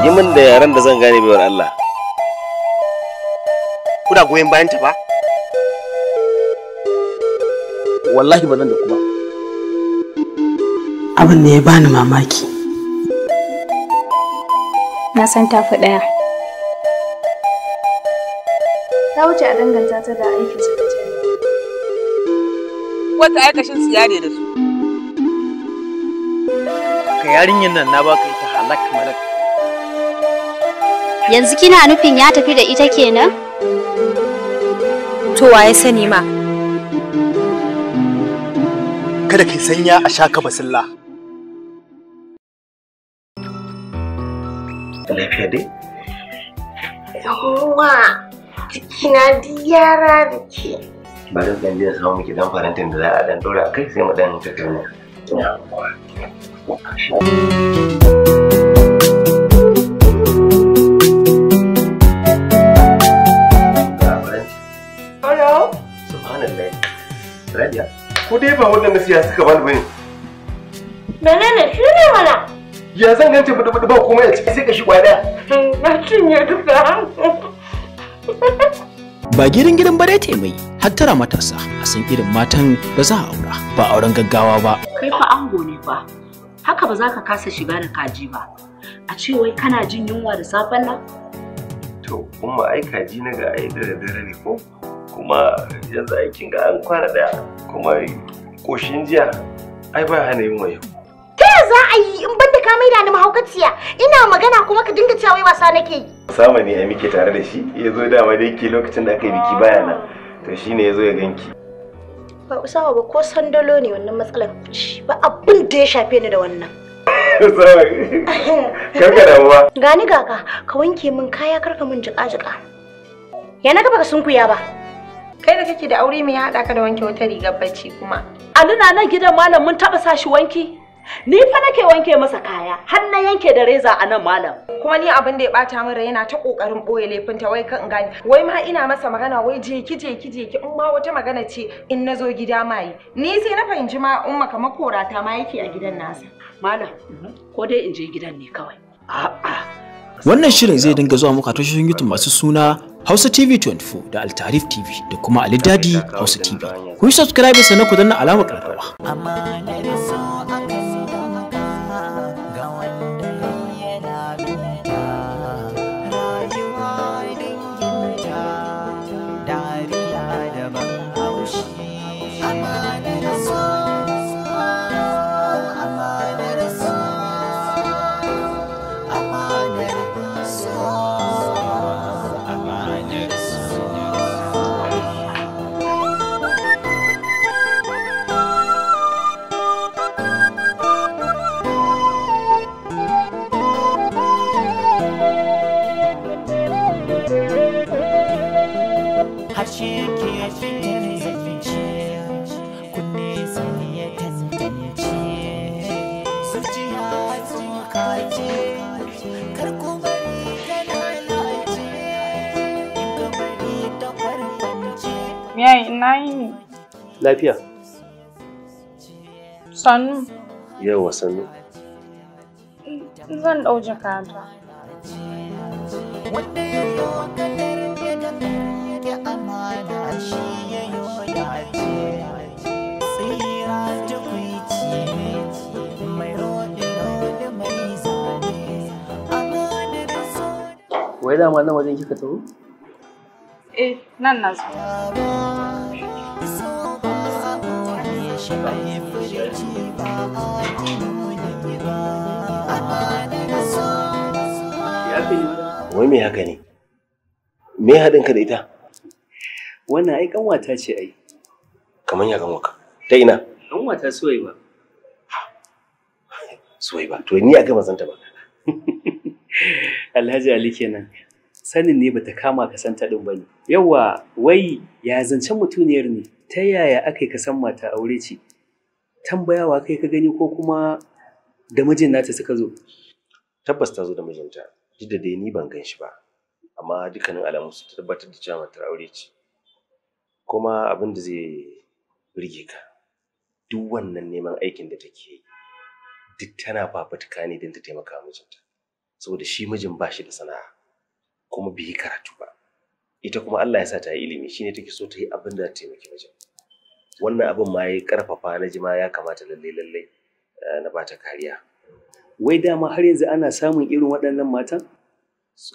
yi min da yaren da zan gane baiwar Allah kuna goyon bayan ta ba wallahi ba nan da kuma abin da ya bani mamaki na san tafi ɗaya ta wuce a danganta ta da aikin su da jami'a wata aikashin su yare da su ka yin nan na baka ita halakka malak yanzu kina nufin ya tafi da ita kenan? To waye sani ma. Kada ki sanya a sha ka basilla. Lafiya dai? Yawwa, jikina duk yara da ke. Bari zan je samu miki dan farantin da za a dan dora kai sai mu dan tattauna. Yawwa. ko dai ba wannan nasiya suka bani bane menene shi ne mana ya zan gance mu bada ba komai a ciki sai ka shi kwaya na cinye duka ba girin-girin bare ta mai hattara matasa a san irin matan da za a aura ba auren gaggawa ba kai fa ango ne fa haka ba za ka kasa shiga da kaji ba a ce wai kana jin yunwa da safen nan to kuma ai kaji na ga ai da dare ne ko kuma yanzu aikin ga an kwana daya kuma koshin jiya ai ba hana yin wayo ta ya za a yi in banda ka maida ni mahaukaciya ina magana kuma ka dinga cewa wasa nake yi sama ne ai muke tare da shi ya zo dama da yake lokacin da aka yi biki baya nan to shine ya zo ya ganki ba usawa ba ko sandalo ne wannan matsalar ba abin da ya shafe ni da wannan karka da ba gani gaka ka wanke min kaya karka min jika jika ya na gaba ka sunkuya ba Kai da kake da aure me ya haɗa ka da wanke wata rigar bacci kuma? nuna nan gidan malam mun taɓa sa shi wanki? Ni fa nake wanke masa kaya, har na yanke da reza a nan malam. Kuma ni abin da ya bata min rai yana ta kokarin boye laifinta wai kan gani. Wai ma ina masa magana wai je ki je ki in ma wata magana ce in nazo gida mai. Ni sai na fahimci ma umma maka korata ma yake a gidan nasa. Malam, ko dai in je gidan ne kawai. A'a. Wannan shirin zai dinga zuwa muka a tashoshin YouTube masu suna Hausa TV 24 da Altarif TV da kuma Ali Dadi Hausa TV. Ku yi subscribe sannan ku danna alamar ƙararrawa. Lafiya? Sannu. Yawa sannu. Zan ɗau jakata. Wanda ya yi wa ya yi wa Tsira mai nan wajen kika taho? Eh, nan na zo. shi bai furci ba a tunani ba wai mai haka ne me haɗin ka da ita wannan ai ƙanwata ce ai kamar ya ƙanwaka, ta ina Ƙanwata suwai ba suwai ba to ni a gama zanta ba Alhaji Ali kenan sanin ne bata kama ka santa ba. bane yawa wai ya zancen mutuniyar ne ta yaya aka yi ka san mata aure ce tambayawa kai ka gani ko kuma da mijin nata suka zo tabbas ta zo da mijinta duk da dai ni ban gan shi ba amma dukkanin alamu su tabbatar da cewa matar aure ce kuma abin da zai rige ka duk wannan neman aikin da take yi duk tana fafutuka ne don ta taimaka mijinta saboda shi mijin ba shi da sana'a kuma bai yi karatu ba ita kuma Allah ya sa ta yi ilimi shine take so ta yi abin da taimaki wajen wannan abin ma ya karfafa na jima ya kamata lalle lalle eh, na bata kariya wai dama har yanzu ana samun irin waɗannan matan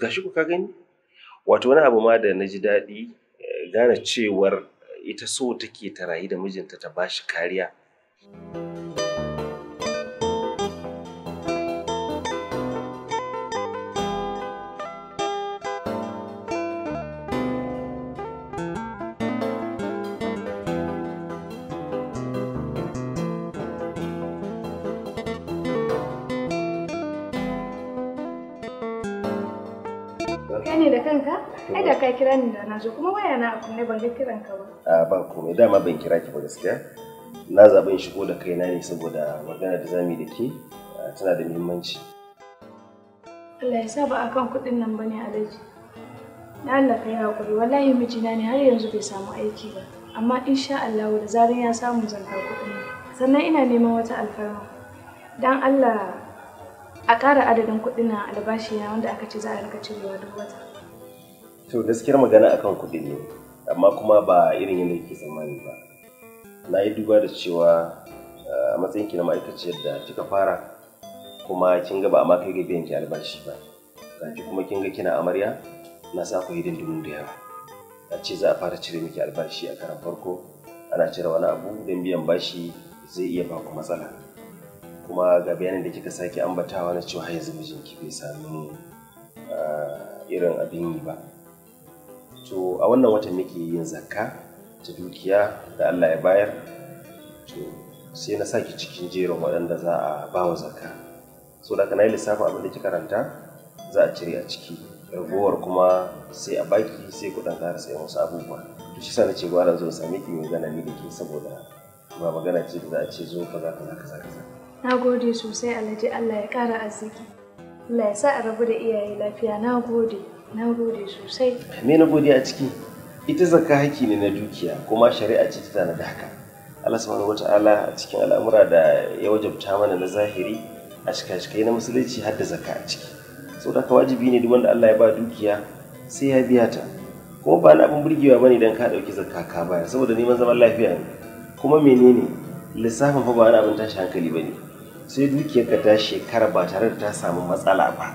gashi ku ka gani wato wani abu ma da na ji daɗi eh, gane cewar ita so take ta rayu da mijinta ta bashi kariya. Kai ne da kanka? Ai da ka kira ni da na zo kuma waya na kunne ban ga kiran ka ba. A ba komai dama ban kira ki ba gaskiya. Na zaɓi in shigo da kaina ne saboda magana da zamu da ke tana da muhimmanci. Allah ya sa ba akan kuɗin nan bane Alhaji. Na Allah ka hakuri wallahi mijina ne har yanzu bai samu aiki ba. Amma insha Allah da zarin ya samu zan kuɗin Sannan ina neman wata alfarma. Dan Allah a ƙara adadin kuɗin albashi na wanda aka ce za a rika cirewa duk wata. To gaskiyar magana akan kuɗi ne, amma kuma ba irin yadda yake tsammani ba. Na yi duba da cewa eh, a matsayin ki na ma'aikaciyar da kika fara kuma kin ga ba amma kai ga biyan ki albashi ba. Kanki kuma kin ga kina amarya na sa ku hidindimu da yawa. A ce za a fara cire miki albashi a karan farko ana cire wani abu don biyan bashi zai iya ba ku matsala. kuma ga bayanin da kika sake ambatawa na cewa yanzu mijinki bai sami ah, irin abin yi ba to a wannan watan muke yin zakka ta dukiya da Allah ya bayar to sai na saki cikin jerin waɗanda za a ba wa zakka so da kana yi lissafin abin da kika karanta za a cire a ciki ragowar kuma sai a baki sai kuɗin ƙara sayan wasu abubuwa to shi sa na ce gwara zo sami ki mai zanani da ke saboda ba magana ce da za a ce zo kaza kaza kaza kaza na gode sosai alhaji allah ya ƙara arziki allah ya sa a rabu da iyaye lafiya na gode na gode sosai me na gode a ciki ita zakka haƙƙi ne na dukiya kuma shari'a ce ta tana da haka allah subhanahu ta'ala a cikin al'amura da ya wajabta mana na zahiri a shika-shikai na musulunci har da zakka a ciki saboda haka wajibi ne duk wanda allah ya ba dukiya sai ya biya ta kuma ba na abin burgewa ne idan ka ɗauki zakka ka baya saboda neman zaman lafiya ne kuma menene lissafin fa ba wani abin tashi hankali ba ne. sai dukiyarka ta shekara ba tare da ta samu matsala ba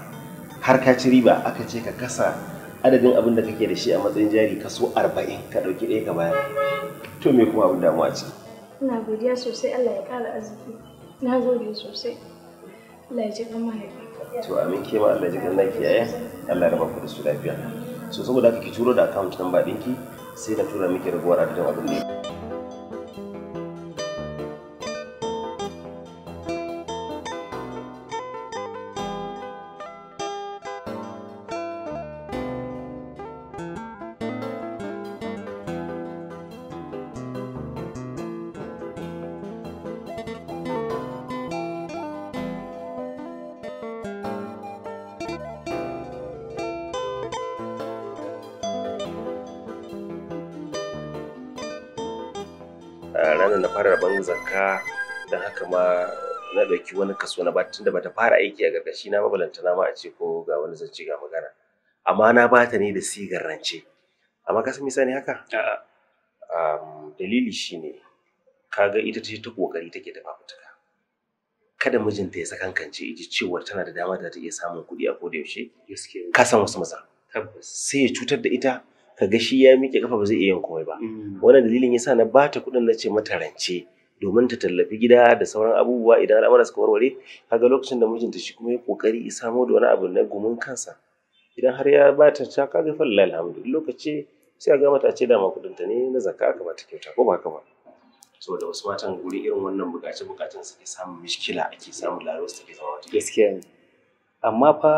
har ka ci riba aka ce ka kasa adadin abin da kake da shi a matsayin jari kaso arba'in ka ɗauki ɗaya ka bayar to me kuma abin damuwa ce ina godiya sosai Allah ya ƙara arziki na gode sosai Allah ya ji kan mahaifa to amin ke ma Allah ya ji kan naki yaya Allah ya raba ku da su lafiya so saboda haka ki turo da account number ɗinki sai na tura miki rubuwar adadin abin da ya wannan na fara rabon zakka don haka ma na ɗauki wani kaso na ba tunda bata fara aiki a gargashi na mabalanta na ma a ce ko ga wani zance ga magana amma na bata ne da sigar rance amma ka san misali haka dalili shine kaga ita ce ta kokari take da fafutuka kada mijinta ya sakankance ji cewar tana da dama da ta iya samun kuɗi a koda yaushe ka san wasu maza sai ya cutar da ita ka ga shi ya miƙe kafa ba zai iya yin komai ba mm. wannan dalilin yasa na bata kuɗin na ce mata rance domin ta tallafi gida da sauran abubuwa idan al'amura suka warware kaga lokacin da mijinta shi kuma ya kokari ya samo da wani abu na gumin kansa idan har ya bata ta ka ga lillahi alhamdu lokaci sai a ga mata ce dama kuɗin ta ne na zakka aka bata kyauta ko ba ka ba saboda wasu matan guri irin wannan bukace bukacen suke samun mishkila ake samun laro suke zama wata gaskiya amma fa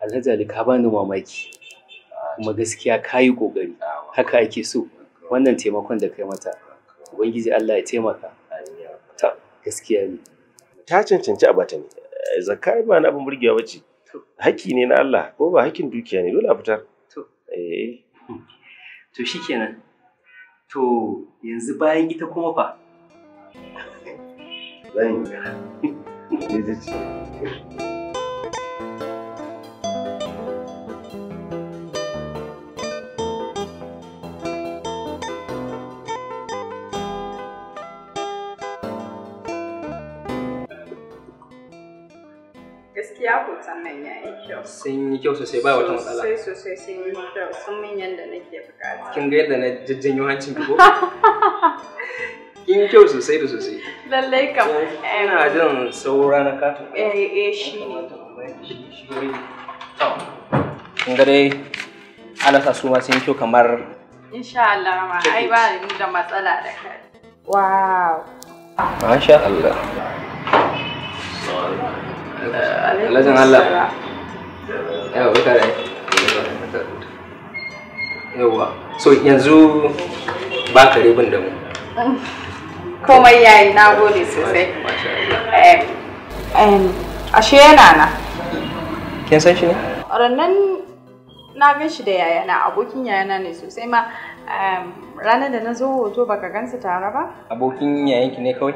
alhaji ali ka bani mamaki kuma gaskiya ka yi ƙoƙari haka ake so wannan taimakon da kai mata ubangiji Allah ya taimaka ta gaskiya ne ta cancanci a ne eh, zakka ba na abin burgewa bace haƙƙi ne na Allah ko ba haƙƙin dukiya ne dole a fitar to eh to shikenan to yanzu bayan ita kuma fa zan yi ce gaskiya ya yi kyau. Sun yi kyau sosai ba wata matsala. Sosai yi kyau sun yadda na hancin ko? kyau sosai da sosai. Ina jin saura na Eh eh kyau kamar. Insha Allah ma ai ba ni da matsala da kai. Wow. Masha Allah. alhajin Allah yawa baka da yawa so yanzu ba ka ribin da mu komai yayi na gode sosai eh, ashe yana na kin san shi ne rannan na gan shi da yayana abokin yayana ne sosai ma ranar da na zo hoto baka gansa tare ba? Abokin yayanki ne kawai.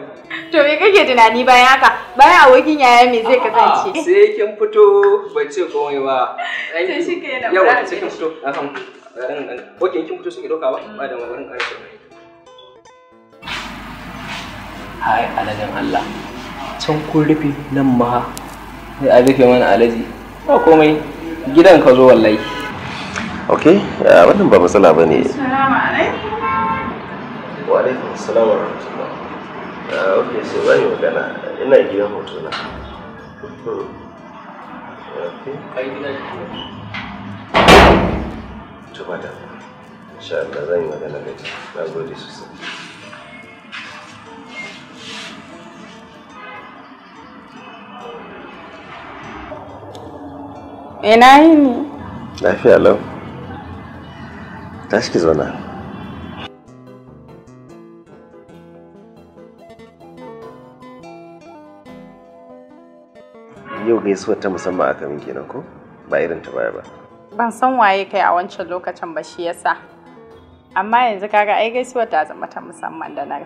To me kake tunani bayan haka? Bayan abokin yaya me zai kasance? Sai kin fito ban ce komai ba. To shi ke nan. Yawa ce. kin fito. Ko kin fito suke doka ba? Ba da maganin ƙarshe. Hai aladen Allah. Can kun rufe nan ma. Sai a rufe mana alaji. Ba komai. Gidan ka zo wallahi. ok wannan ba matsala ba ne wa alaikum wa rahmatullah yi magana ina gidan na insha Allah zan yi magana da na gode sosai. Ina ni. Lafiya lau. tashi ki zauna yau gaisuwa ta musamman aka min kenan ko ba irin ta baya ba ban san waye kai a wancan lokacin ba shi yasa amma yanzu kaga ai gaisuwa ta zama ta musamman da na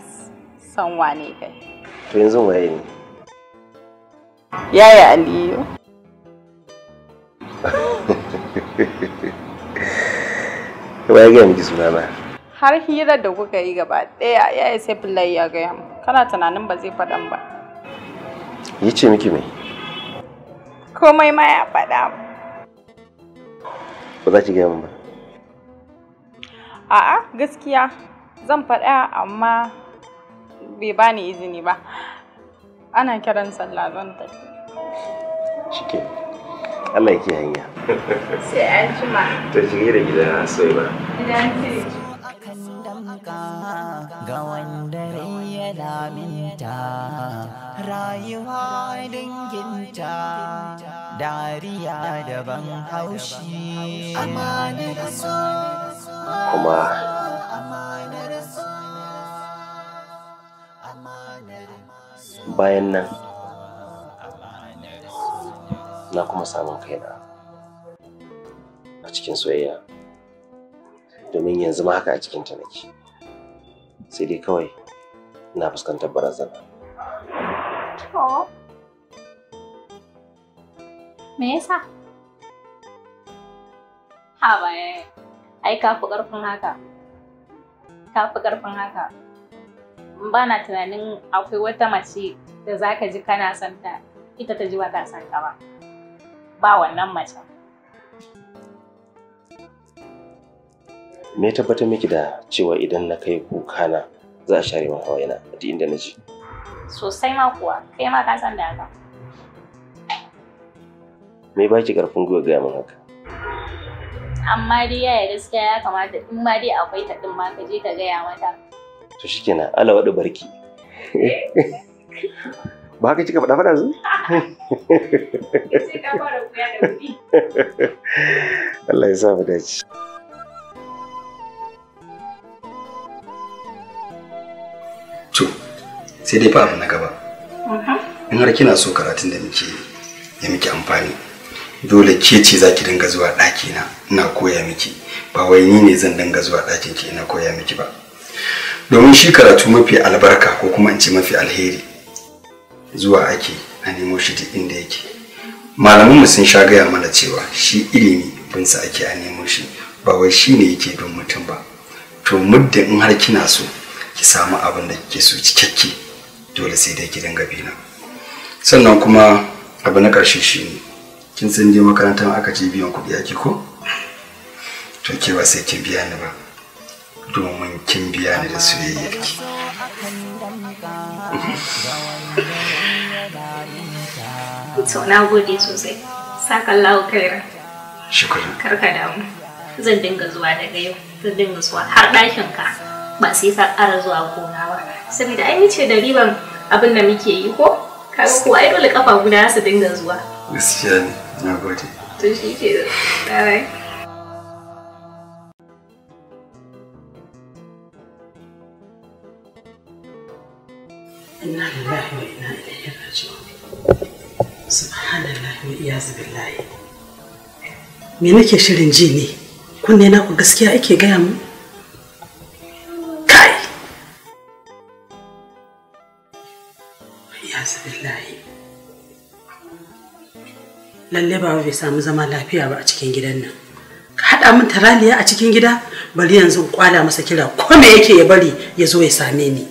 san wane kai to yanzu waye ne yaya aliyu kuma ya gaya miki sunana har hirar da kuka yi gaba ɗaya ya yi sai ya gaya mu kana tunanin ba zai faɗan ba yi ce miki me komai ma ya faɗa ba za ki gaya min ba a'a gaskiya zan faɗa amma bai bani izini ba ana kiran sallah zan tafi shike Allah yake hanya sai an da gida sai ba gidan ga wanda ya rayuwa danginta dariya daban haushi kuma bayan nan na kuma samun kaina a cikin soyayya domin yanzu ma haka a cikin ta nake sai dai kawai ina fuskantar barazana me yasa ha baya eh, ai ka fi ƙarfin haka ka fi ƙarfin haka ba na tunanin akwai wata mace da za ka ji kana santa ita ta ji ba ta santa ba ba wannan macen. Me ya tabbatar miki da cewa idan na kai kuka na za a share min hawaina a duk inda na ji? Sosai ma kuwa, kai ma ka san da haka. Me ba ki ƙarfin gwiwa gaya min haka? Amma dai yaya gaskiya ya kamata in ma dai akwai ta ɗin ma ka je ka gaya mata. To shikenan, Allah waɗi barki. ba haka kika faɗa faɗa zu? Allah ya sa mu dace. To, sai dai fa abu na gaba. In har kina so karatun da muke ya miki amfani, dole ke ce za ki dinga zuwa ɗakina ina koya miki, ba wai ni ne zan dinga zuwa ɗakin ki ina koya miki ba. Domin shi karatu mafi albarka ko kuma in ce mafi alheri zuwa ake a nemo shi duk inda yake malamanmu sun sha gaya mana cewa shi ilimi binsa ake a nemo shi ba wai shi ne yake bin mutum ba to muddin in har kina so ki samu abin da kike so cikakke dole sai dai ki dinga bina sannan kuma abu na karshe shi ne kin san je makarantar aka ce biyan kuɗi ake ko to ke ba sai kin biya ni ba domin kin biya ni da soyayyarki Sau na gode sosai sakan lawo kaira shukran karka damu zan dinga zuwa daga yau zan dinga zuwa har ɗakin ka ba sai ka ƙara zuwa gona ba saboda an yi ce da riban abin da muke yi ko kaga ko ai dole kafa guda su dinga zuwa gaskiya ne na gode to shi ke da inna lillahi wa inna ilaihi raji'un subhanallah wa iyazu me nake shirin ji ne kunne na ku gaskiya ake gaya mu kai lalle ba bai samu zama lafiya ba a cikin gidan nan ka haɗa min taraliya a cikin gida bari yanzu kwala masa kira ko me yake ya bari ya zo ya same ni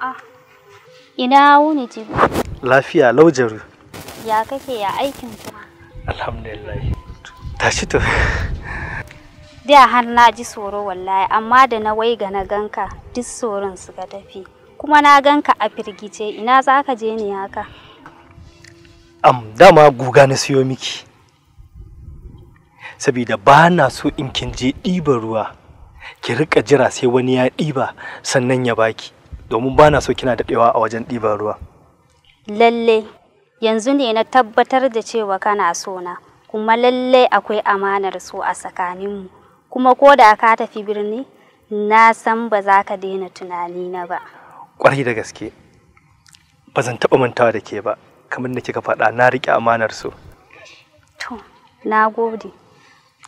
Ah. Ina wuni jibi? Lafiya laujaru. Ya kake ya aikin kuma? Alhamdulillah. Tashi to. Da har na ji tsoro wallahi amma da na waiga na ganka duk tsoron suka tafi. Kuma na ganka a firgice ina za ka je ni haka? Am dama guga na siyo miki. Sabida ba na so in kin je ɗiban ruwa ki rika jira sai wani ya ɗiba sannan ya baki domin ba na so kina daɗewa a wajen ɗiban ruwa. Lalle yanzu ne na tabbatar da cewa kana so na kuma lalle akwai amanar su a tsakaninmu kuma ko da ka tafi birni na san ba za ka daina tunani na ba. Ƙwarai da gaske ba zan taɓa mantawa da ke ba kamar da kika faɗa na riƙe amanar so. To, na gode.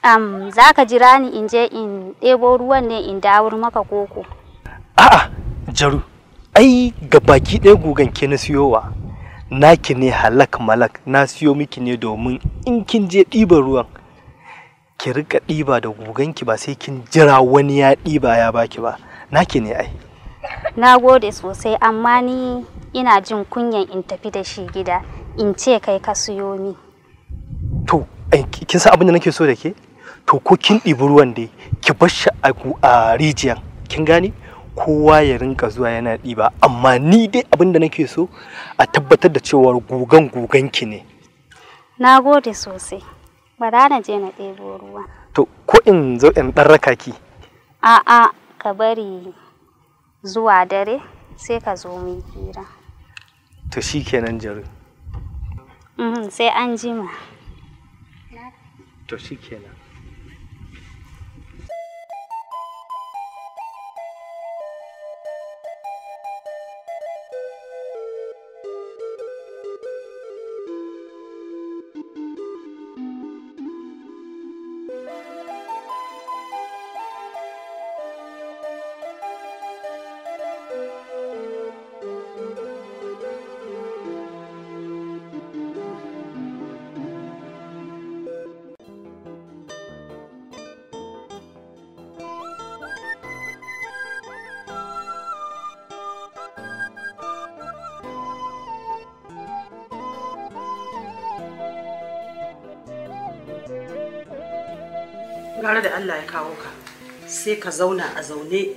um, za ka jira ni in je in ɗebo ruwan ne in dawo maka koko a'a jaru ai ga baki ɗaya gugan ke na siyowa naki ne halak malak na siyo miki ne domin in kin je ɗiba ruwan ki rika ɗiba da guganki ba sai kin jira wani ya ɗiba ya baki ba naki ne ai na gode sosai amma ni ina jin kunyan in tafi da shi gida in ce kai ka siyo min to kin san abin da nake so da ke to ko kin ɗibi ruwan dai ki bar shi a rijiyan kin gane kowa ya rinka zuwa yana ɗiba amma ni dai abin da nake so a tabbatar da cewa gugan gugan ki ne na gode sosai bara na je na ɗebo ruwa to ko in zo in ɗan raka ki a'a ka bari zuwa dare sai ka zo mai hira to shi kenan jaru mm-hmm, sai an jima to kenan gara da Allah ya kawo ka sai ka zauna a zaune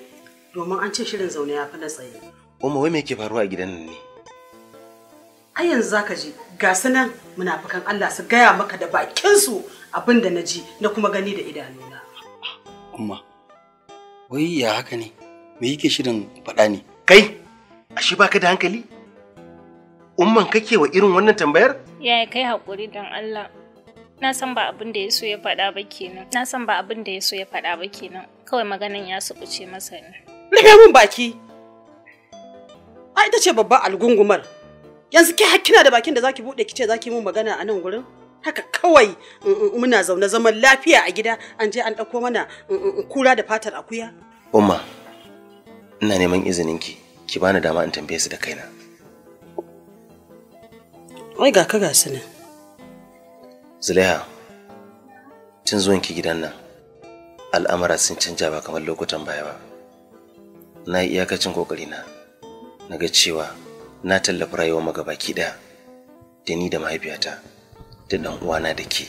domin an ce shirin zaune ya fi na tsaye umma wai me yake faruwa a gidan nan ne a yanzu za ka je, ga sanan munafikan Allah su gaya maka da bakin su abin da na ji na kuma gani da idanuna umma wai ya haka ne me yake shirin faɗa ne kai ashe baka da hankali umman kake wa irin wannan tambayar yaya kai haƙuri dan Allah na san ba abin da ya so ya faɗa ba kenan na san ba abin da ya so ya faɗa ba kenan kawai maganan ya subuce masa ne rufe min baki a ita ce babbar algungumar yanzu ke hakkina da bakin da zaki bude kice zaki mun magana a nan gurin haka kawai mm, mm, muna zaune zaman lafiya a gida an je an ɗauko mana mm, kura da fatar akuya umma ina neman izinin ki ki bani dama in tambaye su da kaina wai ga ka ga sanin Zulaiha, tun zuwan ki gidan nan, al'amura sun canja ba kamar lokutan baya ba. Na yi iyakacin kokari na ga cewa na tallafa rayuwar magabaki ɗaya, da ni da mahaifiyata, da ɗan uwana da ke.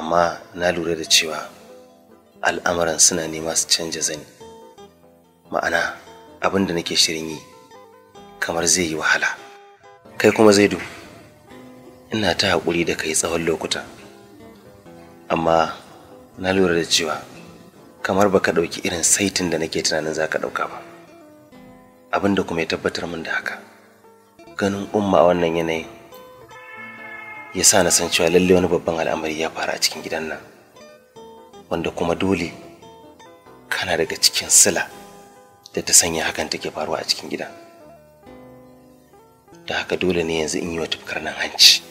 Amma na lura da cewa al'amuran suna nema su canja zani. Ma'ana, abin da nake shirin yi, kamar zai yi wahala. Kai kuma zaidu. ina ta haƙuri da kai tsawon lokuta amma na lura da cewa kamar baka ɗauki irin saitin da nake tunanin za ka ɗauka ba abin da kuma ya tabbatar min da haka ganin umma a wannan yanayin ya sa na san cewa lalle wani babban al'amari ya faru a cikin gidan nan wanda kuma dole kana daga cikin sila da ta sanya hakan take faruwa a cikin gidan da haka dole ne yanzu in yi wa tufkar nan hanci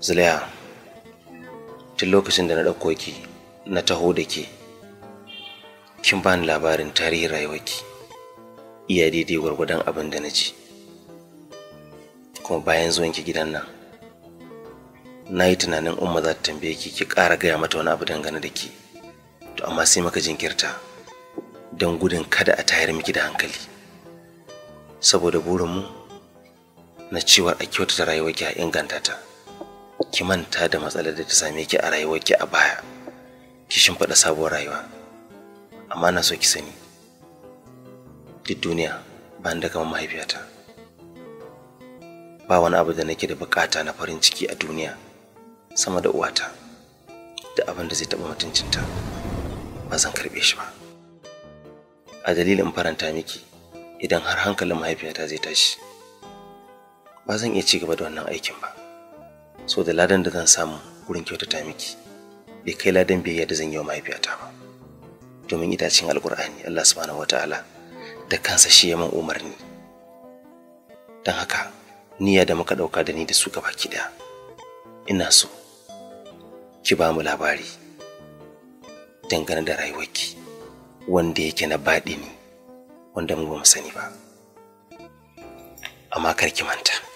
Zuliya, tun lokacin da na ɗauko ki na taho da ke, kin bani labarin tarihin rayuwarki iya daidai gwargwadon abin da na ci, Kuma bayan zuwanki gidan nan, na yi tunanin umma za ta tambaye ki ki ƙara gaya mata wani abu dangane da ke, To amma sai maka jinkirta don gudun kada a tayar miki da hankali. Saboda burinmu na cewa a kyautata rayuwarki a inganta ta. ki manta da matsalar da ta same ki a rayuwar ki a baya ki shimfiɗa sabuwar rayuwa amma na so ki sani duk duniya ban da kamar mahaifiyata ba wani abu da nake da bukata na farin ciki a duniya sama da uwata da abin da zai taɓa mutuncinta ba zan karɓe shi ba a dalilin faranta miki idan har hankalin mahaifiyata zai tashi ba zan iya ci gaba da wannan aikin ba so da ladan da zan samu gurin kyautata miki bai kai ladan biyayya da zan yi wa mahaifiyata ba domin itacin alkur'ani Allah subhanahu wataala da kansa shi ya man umarni don haka niyya da muka ɗauka da ni da su gaba baki ɗaya ina so ki ba mu labari dangane da rayuwarki wanda yake na baɗi ni, wanda mu ba mu sani ba amma kar ki manta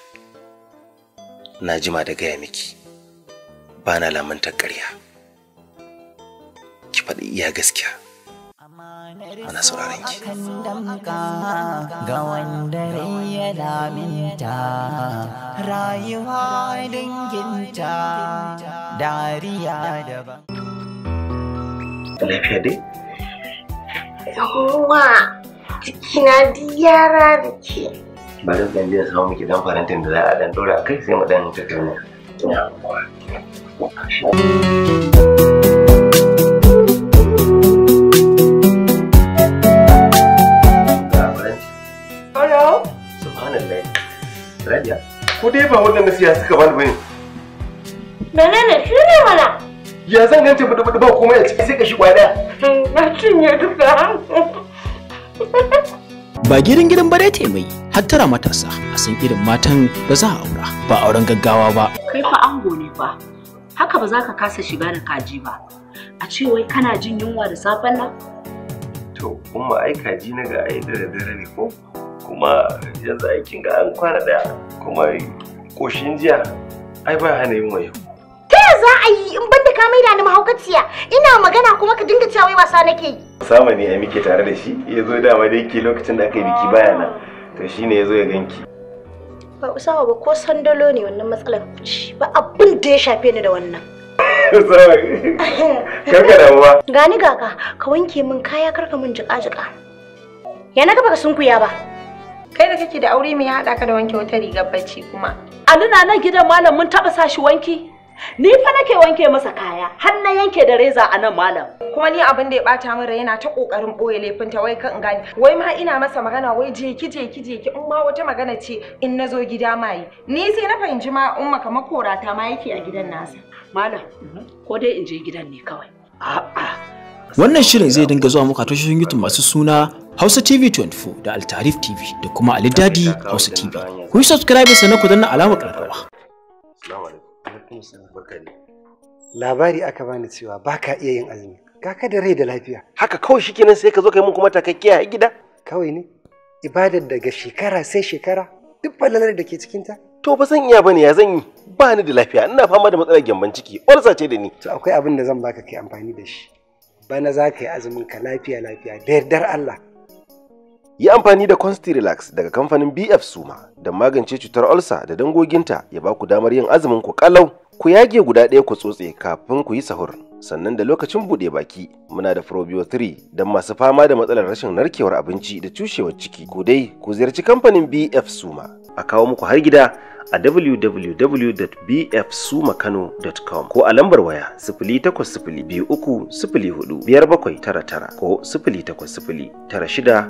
na jima da gaya miki ba na lamanta ƙarya ki faɗi iya gaskiya ana sauraron ki ga wanda ya rayuwa dariya lafiya dai yawwa jikina diyara da ke ba da dan zai samu miki dan farantin da za a dan dora kai sai mu dan tattauna Ko dai ba wannan nasiya suka bani bane. Menene shi ne mana? Ya zan gance mu da ba komai a ciki sai ka shi kwaya daya. Na cinye duka. ba girin gidan ba dai ta mai hattara matasa a san irin matan da za a aura ba auren gaggawa ba kai fa ango ne fa haka ba za ka kasa shiga da kaji ba a ce wai kana jin yunwa da safen nan to kuma ai kaji na ga ai da dare ne ko kuma yanzu aikin ga an kwana daya kuma koshin jiya ai ba hana yunwa yau za a yi in banda ka maida ni mahaukaciya ina magana kuma ka dinga cewa wasa nake yi sama ne ai muke tare da shi ya zo dama da yake lokacin da aka yi biki baya nan to shine ya zo ya ganki ba usawa ba ko sandalo ne wannan matsalar ba abin da ya shafe ni da wannan karka da ba gani gaka ka wanke min kaya karka min jika jika ya na gaba ka sunkuya ba kai da kake da aure me ya haɗa ka da wanke wata rigar bacci kuma a nuna nan gidan malam mun taɓa sa shi wanki Ni fa nake wanke masa kaya, har na yanke da reza a nan malam. Kuma ni abin da ya bata min rai yana ta kokarin boye laifinta wai kan gani. Wai ma ina masa magana wai je ki je ki je ki in ma wata magana ce in nazo gida mai. Ni sai na fahimci ma umma kamar korata ma yake a gidan nasa. Malam, ko dai in je gidan ne kawai. Wannan shirin zai dinga zuwa muka tashoshin YouTube masu suna Hausa TV 24 da Altarif TV da kuma Ali Dadi Hausa TV. Ku yi subscribe sannan ku danna alamar ƙararrawa. Assalamu alaikum. Labari aka bani cewa baka iya yin azumi. Kaka da rai da lafiya. Haka kawai shikenan sai ka zo kai mun kuma takakkiya a gida? Kawai ne. Ibadar daga shekara sai shekara duk falalar da ke cikin ta To ba zan iya bane ya zan yi. Ba ni da lafiya ina fama da matsalar gyamban ciki. Ƙwarsa ce da ni. To akwai abin da zan baka kai amfani da shi. Bana za ka yi azumin ka lafiya lafiya da yardar Allah. Yi amfani da Consti Relax daga kamfanin BF Suma don magance cutar olsa da dangoginta ya ba ku damar yin azumin ku kalau. Ku yage guda ɗaya ku tsotse kafin ku yi sahur, sannan da lokacin buɗe baki muna da Probio 3 don masu fama da matsalar rashin narkewar abinci da cushewar ciki. Ku dai ku ziyarci kamfanin BF Suma a kawo muku har gida a www.bfsumakano.com ko a lambar waya tara-tara. ko shida,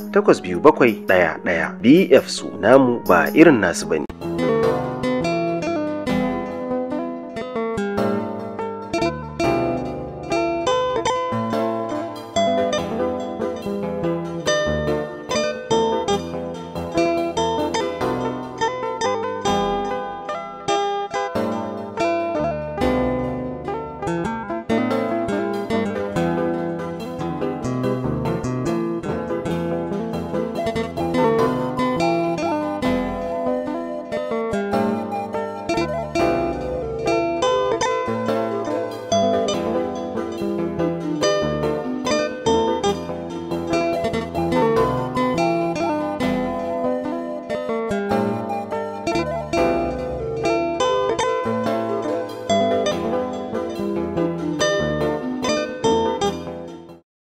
ɗaya. BF Su namu ba irin nasu bane.